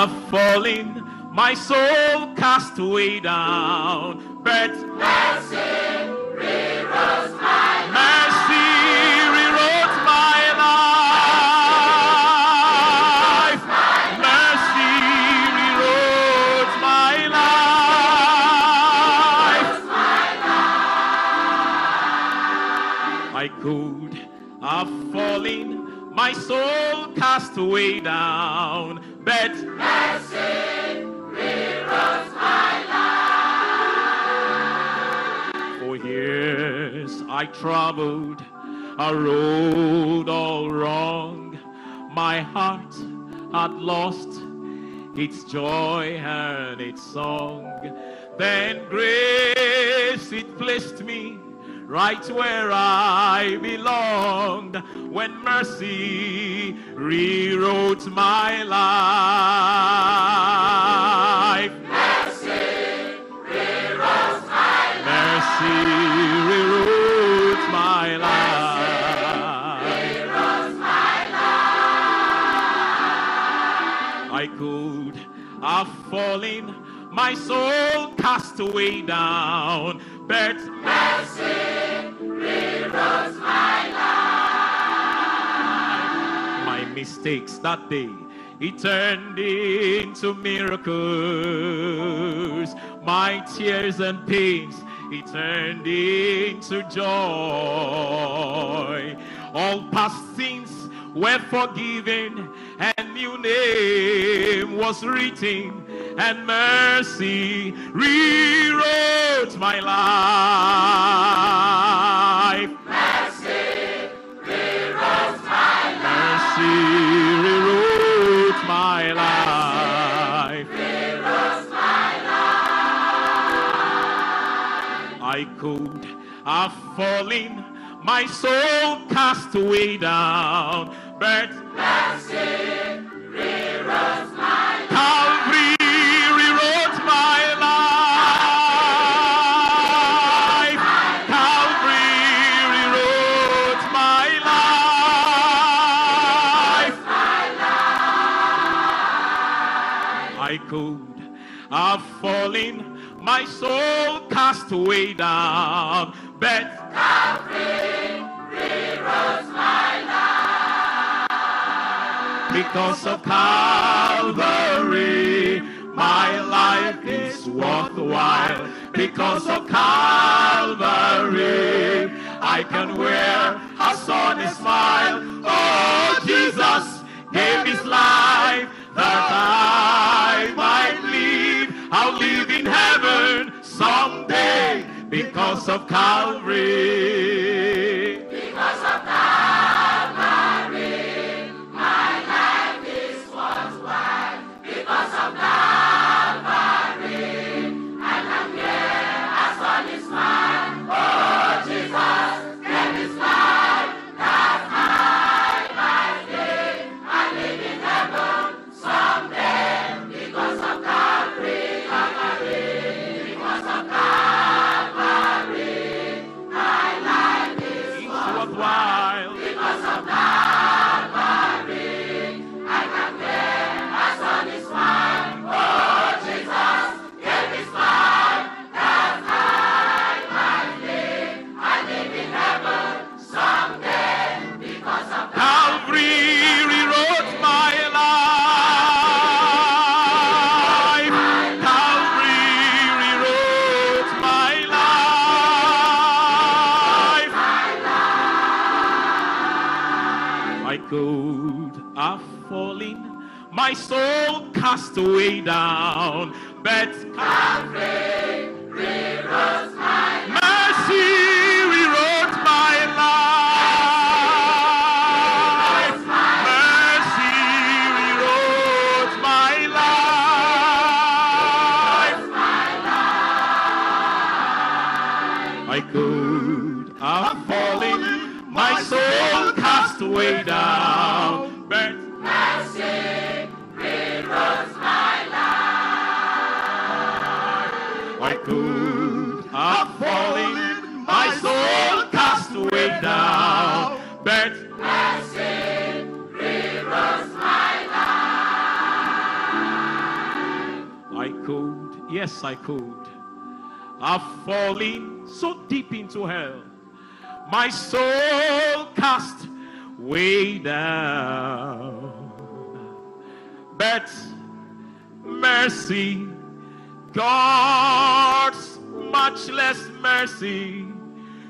have fallen, my soul cast way down. But mercy rewrote my life. Mercy rewrote my life. Mercy rewrote my life. My good have fallen my soul cast way down, but mercy rewrote my life. For years I traveled a road all wrong. My heart had lost its joy and its song. Then grace it placed me right where I belonged when mercy rewrote my life. Mercy rewrote my life. Mercy rewrote my life. Rewrote my life. I could have fallen, my soul cast away down my life. My mistakes that day, it turned into miracles. My tears and pains, it turned into joy. All past sins were forgiven, and new name was written and mercy rewrote my life. Mercy rewrote my life. Mercy rewrote my life. Rewrote my life. I could have fallen, my soul cast way down, but mercy. are falling. My soul cast way down. But Calvary rerose my life. Because of Calvary, my life is worthwhile. Because of Calvary, I can wear a sunny smile. Oh, Jesus gave his life that I might. I'll live in heaven someday because of Calvary. are falling. My soul cast away down, but Calvary rewrote my life. mercy rewrote my life. Mercy rewrote my life. I could. Yes, I could. I've fallen so deep into hell. My soul cast way down. But mercy, God's much less mercy,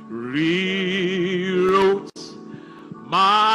rewrote my